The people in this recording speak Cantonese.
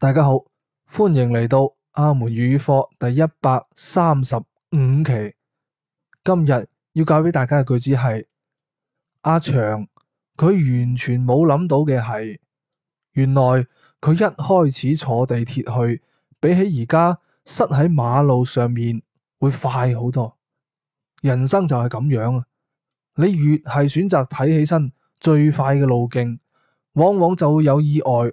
大家好，歡迎嚟到阿門語課第一百三十五期。今日要教俾大家嘅句子係：阿牆佢完全冇諗到嘅係，原來佢一開始坐地鐵去，比起而家塞喺馬路上面，會快好多。人生就係咁樣啊，你越係選擇睇起身最快嘅路徑，往往就會有意外。